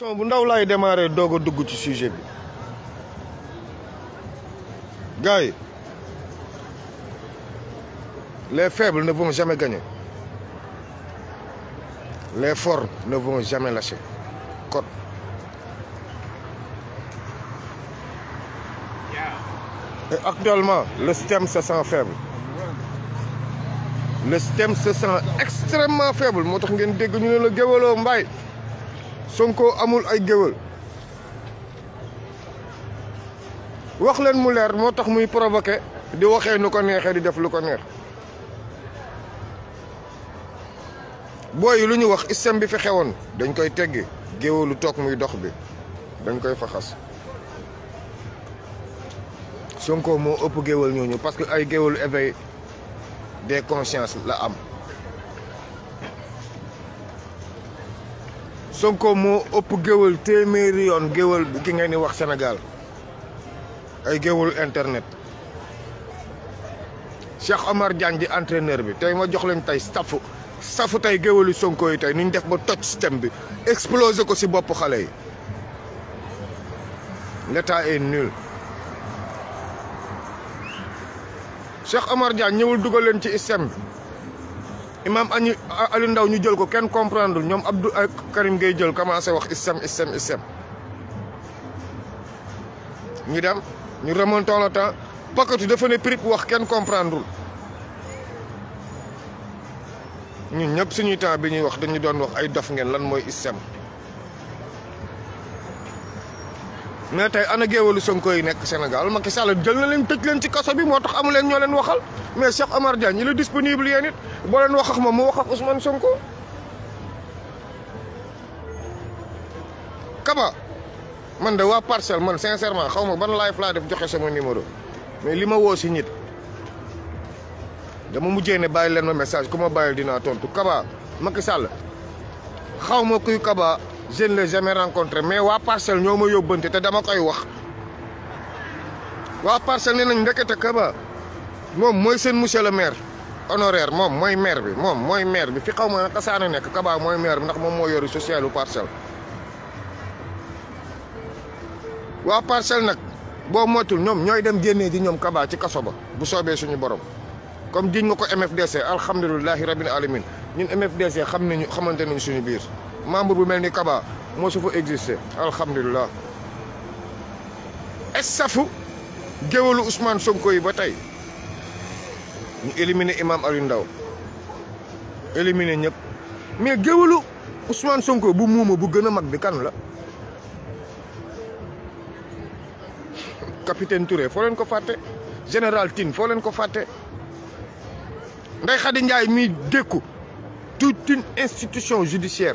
question sujet les faibles ne vont jamais gagner les forts ne vont jamais lâcher actuellement le système se sent faible le système se sent extrêmement faible Sonko amul ay geewal wax len mu leer motax muy provoquer di waxe nuko nexe di def luko nex boy luñu wax système bi fi xewon dañ koy teggi géwëlu tok muy dox bi dañ koy faxas Sonko mo upp geewal ñooñu parce que ay géwëlu éveil des consciences la am sonko mo upp geewal téeméeri yon geewal bi ki ngay di wax sénégal ay geewal internet cheikh omar diang di entraîneur bi tay ma jox len tay staff staff tay geewal sonko yi tay niñ def ba touch stem bi exploser ko ci bop xalé yi l'état est nul cheikh omar diang ñewul duggal len ci stem bi imam añu Aliou Ndaw ñu jël ko kenn comprendre ñoom abdu ak Karim ngay jël commencé wax isem isem isem ñu dem ñu remontons le temps pakatu dafa ne prip wax kenn comprendre ñun ñëpp suñuy temps bi ñuy wax dañu doon wax ay dof ngeen lan mooy isem mais tey ana géewalu sonko yi nek senegal Macky Sall jël na len tejj len ci kasso bi motax tax amu leen waxal mais Cheikh Omar Diagne ñi est disponible yéen it boo leen wax ak mu wax ak Ousmane Sonko kaba man de wa parcel man sincèrement xawma ban live la def joxe sama numéro mais lima wo ci si nit dama mujjé né bayil len ma message kuma bayil dina tontu kaba Macky Sall xawma kuy kaba je ne l'ai jamais mais waa parcelle ñoo ma yóbbante te dama koy wax waa parcelle nee nañ ndekete Kaba moom mooy seen monsieur le maire honoraire moom mooy maire bi moom mooy maire bi fi xaw ma naka saana nekk Kaba mooy maire bi ndax moom moo yori social u parcelle waa parcelle nag boo moytul ñoom ñooy dem génnee ji ñoom Kaba ci kaso ba bu soobee suñu borom comme diñ nga ko MFDC alhamdulilahi rabbil alamin ñun MFDC xam ñu xamante nañ suñu biir membre bu mel ni Kaba moo su fa existé alhamdulilah safu géwalu Ousmane Sonko yi ba tey ñu éliminé imam Aliou Ndao éliminé ñëpp mais géwalu Ousmane Sonko bu muuma bu gën a mag bi kan la capitaine ture foo leen ko fàtte général Tine foo leen ko fàtte Ndeye Khady Ndiaye mi dékku toute une institution judiciaire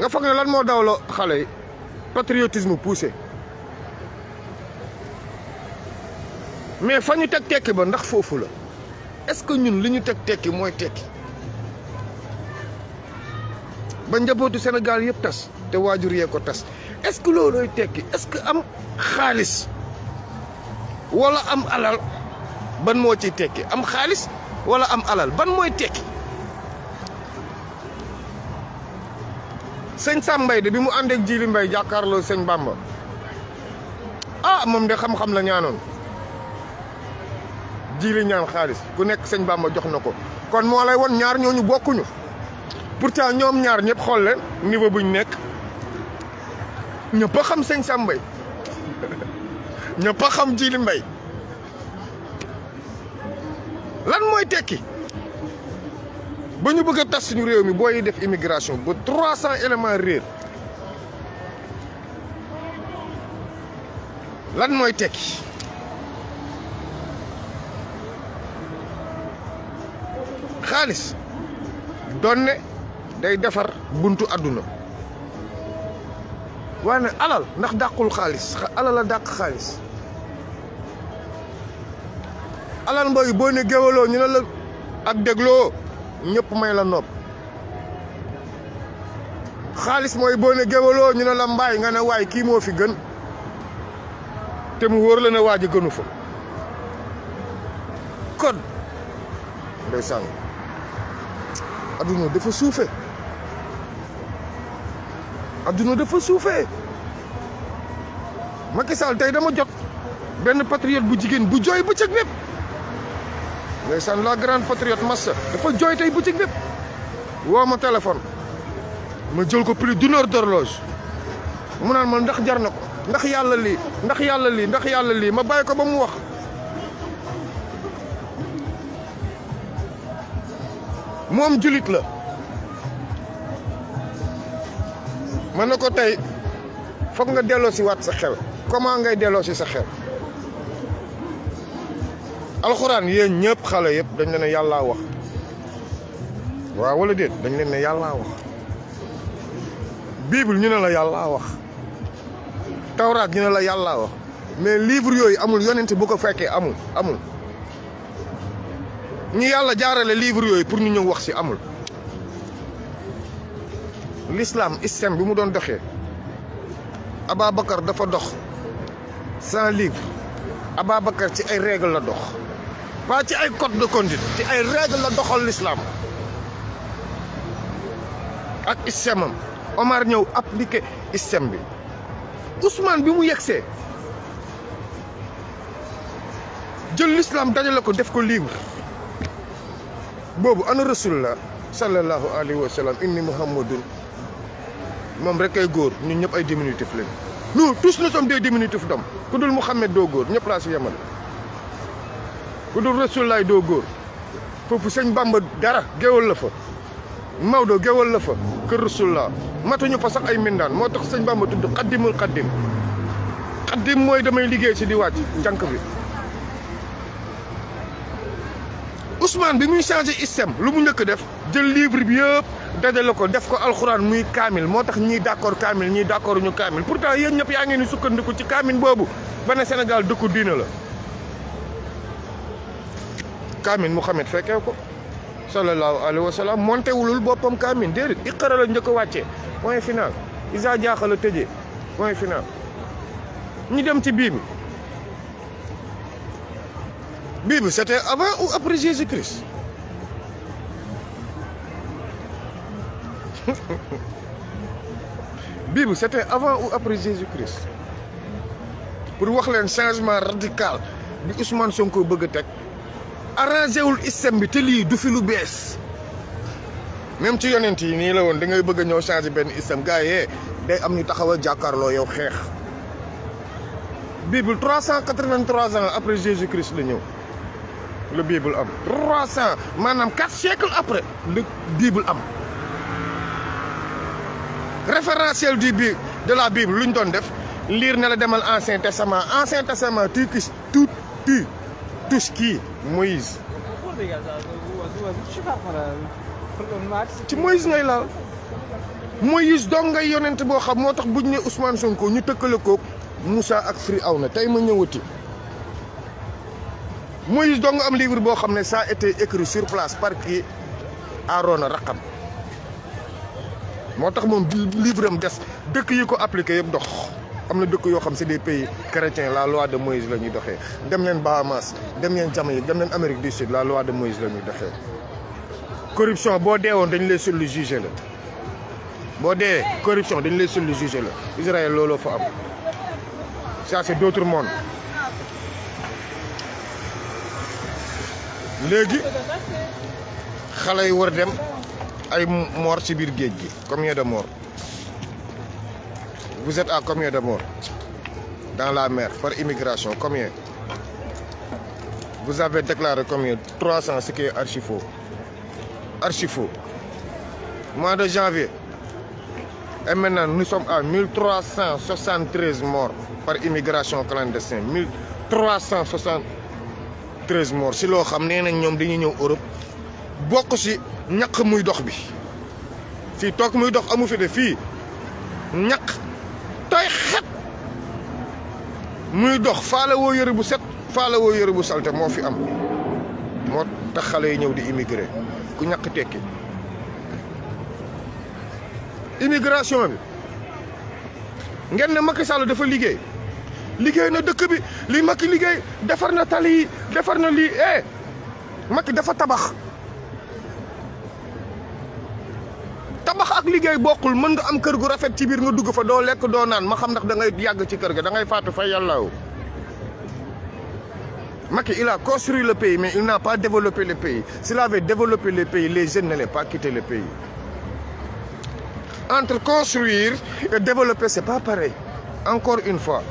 nga foog ne lan moo dawloo xale yi patriotisme poussé mais fa ñu teg tekki ba ndax foofu la est-ce que ñun li ñu teg tekki mooy tekki ba njabootu Sénégal yëpp tas te waajur yee ko tas est-ce que loolooy tekki est-ce que am xaalis wala am alal ban moo ciy tekki am xaalis wala am alal ban mooy tekki. seigne sambay de bi mu ande ak Jili Mbaye jakarlo seigne Bamba ah mom de xam-xam la ñaanon Jili ñaan xaaliss ku nekk seigne Bamba jox nako kon mo lay won ñaar ñoñu bokkuñu pourtant ñom ñaar ñep xol le niveau buñ nekk ñëpp xam seigne sambay Mbaye xam Jili Mbaye lan moy tekki ba ñu bëgg tass tas suñu réew mi boy def immigration bu 300 éléments réer lan moy tekki xaalis donné day défar buntu aduna waaye alal ndax dàqul xaalis alal la dàq xaalis alal mbooy bo ne gewelo ñu la ak deglo ñépp may la nopp xaalis mooy boo ne géwaloo ñu ne la mbaay nga ne waay kii moo fi gën te mu wóor la ne waa ji gënu fa kon ndeysaan adduna dafa suufe adduna dafa suufe Macky Sall tey dama jot benn patriote bu jigéen bu jooy bëccëg népp ndeysaan la grande patriote Massa dafa jooy tey boutique bépp woo ma téléphone ma jël ko plus d'une heure d'horloge mu naan ma ndax jar na ndax yàlla lii ndax yàlla lii ndax yàlla lii ma bàyyi ko ba wax julit la nga sa comment ngay sa alxuraan yéen ñëpp xale yëpp dañ leen ne yàllaa wax waaw walla déet dañ leen ne yàllaa wax bible ñu ne la yàllaa wax tawraat ñu ne la yàlla wax mais livre yooyu amul yonent bu ko fekkee amul amul ñu yàlla jaarale livre yooyu pour ñu ñëw wax si amul l'islam islam bi mu doon doxee Ababacar dafa dox san livre Ababacar ci ay règle la dox waa ci ay code de conduite ci ay règle la doxal l'islam ak système am Omar ñëw appliqué système bi Ousmane bi mu yegsee jël l'islam dajale ko def ko libre boobu ana rasulullah sallallahu alayhi wa sallam inni muhammadun moom rek ay góor ñu ñëpp ay diminutif lañu nous tous nous sommes des diminutifs d'hommes ku dul Mouhamed doo góor ñëpp laa si yemal ku dul Rasulaay doo góor foofu sëñ Bamba dara géwal la fa Maodo géwal la fa kër Rasulullah matuñu fa sax ay mindaan moo tax sëñ Bamba tudd xaddimul xaddim xaddim mooy damay liggéey si di wàcc jànk bi Ousmane bi muy changé système lu mu njëkk def jël livre bi yëpp dajale ko def ko alxuraan muy kaamil moo tax ñii d'accord kaamil ñii d'accord ñu kaamil pourtant yéen ñëpp yaa ngeen ni sukkandiku ci kaamil boobu bana ne Sénégal dëkku diina la. kaamil Mouhamed fekkee ko sallallahu alayhi wa sallam monté wulul boppam kaamil déedéet iqara la njëkk a wàccee point final isa jaaxal a tëjee point final ñu dem ci biir bi Bible, c'était avant ou après Jésus-Christ Bible, c'était avant ou après Jésus-Christ pour wax leen changement radical bi Ousmane Sonko bëgg a teg arrangé wul système bi te lii du fi lu bees même ci yonent yi la woon da ngay bëgg a ñëw changé benn système gars day am ñu yow Bible 383 ans après Jésus-Christ la ñëw. Le bible am 300 manam 4 siècles après le bible am référentiel de la bible luñ ñu doon def testament ancien testament tu ce tout ce qui Moïse Moïse ngay là. Moïse dong ngay yonent bo xam motax buñ ne Ousmane Sonko ñu tekkale ko Moussa ak tay ma Moïse livre a été écrit sur place par Aaron Rakam Je tax mon livre am a appliqué dox a des pays chrétiens la loi de Moïse la ñuy a Bahamas dem Jamaïque Amérique du Sud la loi de Moïse la corruption boo on dañ lay juger. la corruption dañ lay le Israël lolo, ça c'est d'autres mondes combien de morts vous êtes à combien de morts dans la mer par immigration combien vous avez déclaré combien 300 ce qui est archi faux archi mois de janvier et maintenant nous sommes à 1373 morts par immigration clandestine 1373 13 morts si lo xam nee nañ ñoom dañuy ñew Europe bokku ci ñak muy dox bi fi tok muy dox amu fi de fi ñak toy xet muy dox faala wo yeure bu set faala wo yeure bu salte mo fi am mo tax xale yi di immigré ku ñak tekki immigration bi ngeen ne Macky dafa liggéey liggéey na dëkk bi li Macky liggéey defar na tali eh Macky dafa tabax tabax ak liggéey bokul mën nga am kër gu rafet ci sais nga dugg fa do lek do nan ma xam ndax da ngay yag ci kër ga da ngay fatu fa Macky il a construit le pays mais il n'a pas développé le pays s'il avait développé le pays les jeunes n'allaient pas quitter le pays entre construire et développer c'est pas pareil encore une fois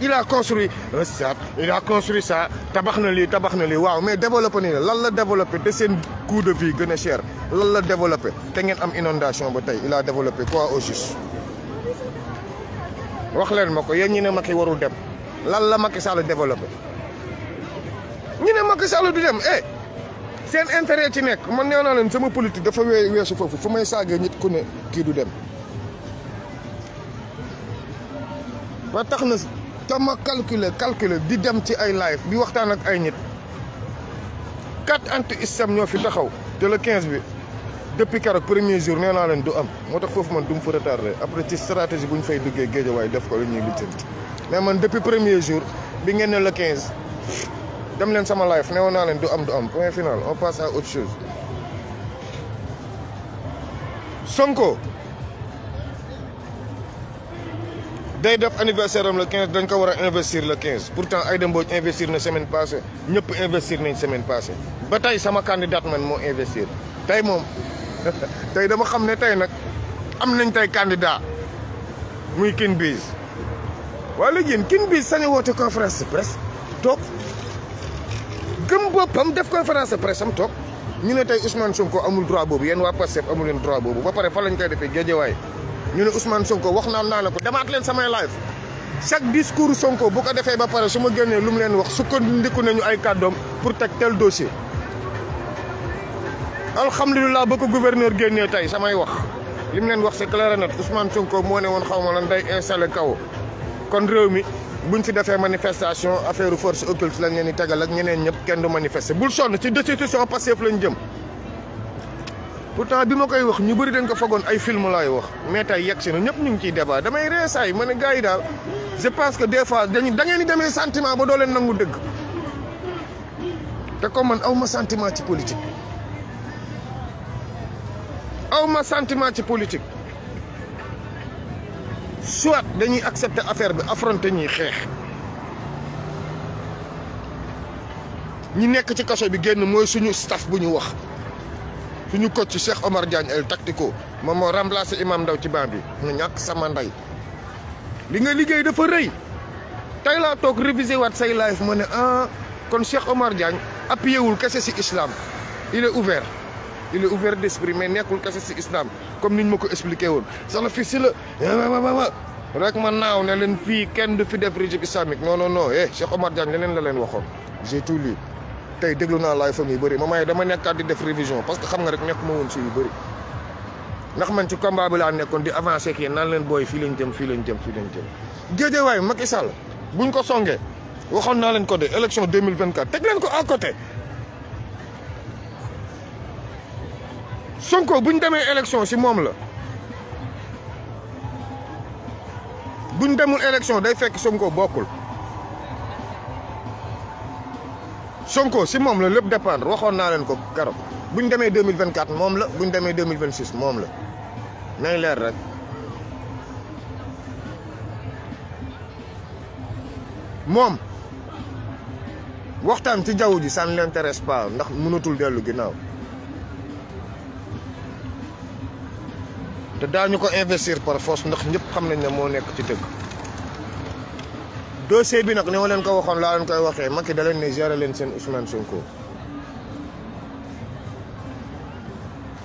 il a construit euh, ça, il a construit ça mais développé développé, lan la développé de de vie Il a cher il a développé am inondation ba développé, il a développé quoi au juste wax ma ko a ñi ne warul dem lan développé Il ne du dem eh un intérêt ci a Je il a sama politique nit ku est du dem ba a dama calculer calculer di ci ay live bi waxtan ak ay nit le 15 bi depuis le premier jour nee du am Motax fofu man retardé après ci stratégie buñ fay duggé gédja way def ko mais man depuis premier jour bi ngeen le 15. dem len sama live nous du am du am point final on passe à autre chose Sonko day def anniversaire am le 15 dañ ko war a investir le 15 pourtant Aïda Mbodj investir na semaine passée ñëpp investir nañ semaine passée ba tey sama candidate man moo investir tey moom tey dama xam ne tey nag am nañ tey candidat muy kin Biz waa léegi yéen Queen Biz sañu woote conférence de presse toog gëm boppam def conférence de presse toog ñu ne tey Ousmane Sonko amul droit boobu yéen waa Pastef amu leen droit boobu ba pare fa lañ koy defee géejewaay ñu né Ousmane Sonko wax naan naa la ko demaat leen samay live chaque discours Sonko bu ko défé ba paré suma ma lum lu wax leen wax sukkandiku nañu ay kàddoom pour tek tel dossier alhamdulilah ba ko gouverneur génnee tay samay wax lim mu leen wax c'est clair et net Ousmane Sonko mo né won xawma lan day installer kaw kon réew mi buñ ci défé manifestation affaire force occulte lañ leen di tégal ak ñeneen ñep kenn du manifester bul sonn ci destitution Pastef lañ jëm. pourtant bi ma koy wax ñu bëri dañ ko fagoon ay film laay wax mais tey yegg si na ñëpp ñu ngi ciy débat damay reesaay ma ne gars yi daal je pense que des fois dañu da ngeen di demee sentiment ba doo leen nangu dëgg te comme man aw ma sentiment ci politique aw ma sentiment ci politique soit dañuy accepter affaire bi affronter ñuy xeex ñi nekk ci kaso bi génn mooy suñu staff bu ñu wax suñu coach Cheikh Omar Diagne el tactico moom moo remplacé imam daw ci ban bi ñu ñak sama nday li nga liggey dafa reuy tay la tok révisé wat say life mo ne ah kon Cheikh Omar Diagne appuyé wul kese si islam il est ouvert il est ouvert d'esprit mais nekul kessé ci islam comme niñ mako expliquer won woon sax la fi si la rek man naaw ne len fi kenn du fi def régime islamique non non non eh Cheikh Omar Diagne lenen la len waxo j'ai tout lu tey déglu naa laay fam yu bëri ma may dama nekkaat di def révision parce que xam nga rek nekk ma woon si yu bëri ndax man ci combat bi laa nekkoon di avancé kii naan leen booy fii lañ jëm fii lañ jëm fii lañ jëm géejewaay Macky Sall buñ ko songee waxoon naa leen ko de élection 2024 teg leen ko à côté Sonko buñ demee élection si moom la buñ demul élection day fekk Sonko bokkul Sonko si moom la lépp dépendre waxoon naa leen ko keroog bu ñu demee 2024 moom la bu ñu demee 2026 moom la nay leer rek. moom waxtaan ci jaww ji ça ne l'intéresse pas ndax mënatul dellu ginnaaw te ñu ko investir par force ndax ñëpp xam nañ ne moo nekk ci dëgg. dossier bi nag ni ma leen ko waxoon laa leen koy waxee Macky da leen ne gérer leen seen Ousmane Sonko.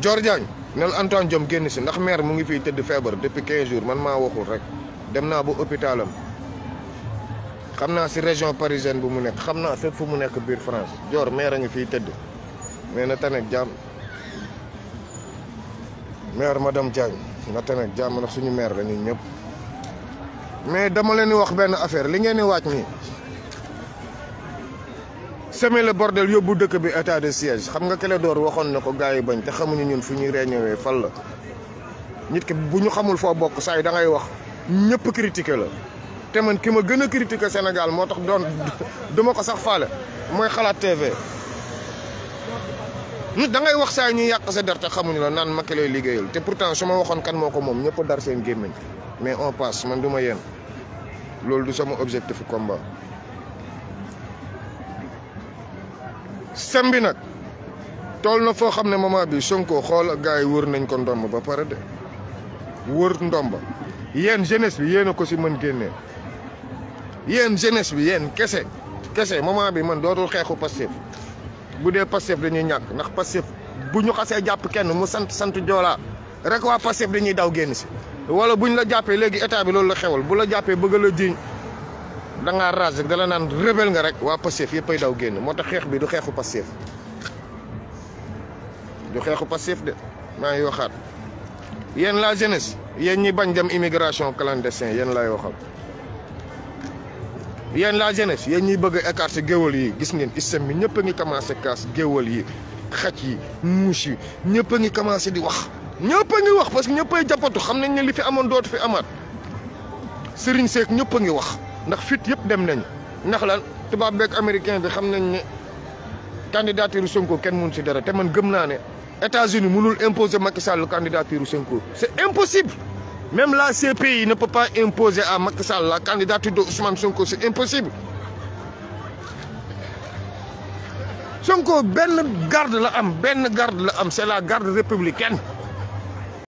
Dior Diagne nel Antoine Diome génn si ndax maire mu ngi fii tëdd feebar depuis 15 jours man maa waxul rek dem naa ba hôpitalam xam naa si région parisienne bu mu nekk xam naa fépp fu mu nekk biir France joor maire a ngi fii tëdd mais na tane ak jàmm maire madame Diagne na tane ak jàmm ndax suñu maire la ñun ñëpp. mais dama leen di wax benn affaire li ngeen di waaj nii semer le bordel yóbbu dëkk bi état de siège xam nga door waxoon na ko gars yi bañ te xamuñu ñun fu ñuy réññewee fan la nit ki bu ñu xamul foo bokk saa yi da ngay wax ñëpp critiqué la te man ki ma gën a critiqué Sénégal moo tax doon duma ko sax faale mooy xalaat TV nit da ngay wax saa yi ñuy yàq sa der te xamuñu la naan Macky lay liggéeyal te pourtant su ma waxoon kan moo ko moom ñëpp dar seen gémmiñ mais on passe man du ma yéen loolu du sama objectif combat sambi nag tool na foo xam ne moment bi Sonko xool ak yi wër nañ ko ndomb ba pare de wër ndomba yéen jeunesse bi yéen ko si mën génnee yéen jeunesse bi yéen kese kese moment bi man dootul xeexu Pastef bu dee Pastef dañuy ñàkk ndax Pastef bu ñu xasee jàpp kenn mu sant sant joolaa rek waa Pastef dañuy daw génn si wala ñu la jàppee léegi état bi loolu la xewal bu la jàppee bëgg la jiiñ danga ngaa raas dala naan rebel nga rek waa Pastef yëppay daw génn moo tax xeex bi du xeexu Pastef du xeexu Pastef de maa ngi waxaat yéen la jeunesse yéen ñi bañ dem immigration clandestin yéen lay waxal yéen la jeunesse yéen ñi bëgg a écarter yi gis ngeen système bi ñëpp a ngi commencé kaas géwal yi xaj yi muus yi ñëpp ngi commencé di wax ñepp a ngi wax parce que ñëpp ay jàppatu xam nañ ne li fi amoon doot fi amat serigne seck ñepp ngi wax ndax fit yep dem nañ ndax lan tubab bek américain bi xam nañ ne candidature Sonko ken mun ci dara te man gëm na ne États-Unis mënul imposer Macky Sall candidature Sonko c'est impossible même la CPI ne peut pas imposer à Macky Sall la candidature de Ousmane Sonko c'est impossible Sonko ben garde la am ben garde la am c'est la garde républicaine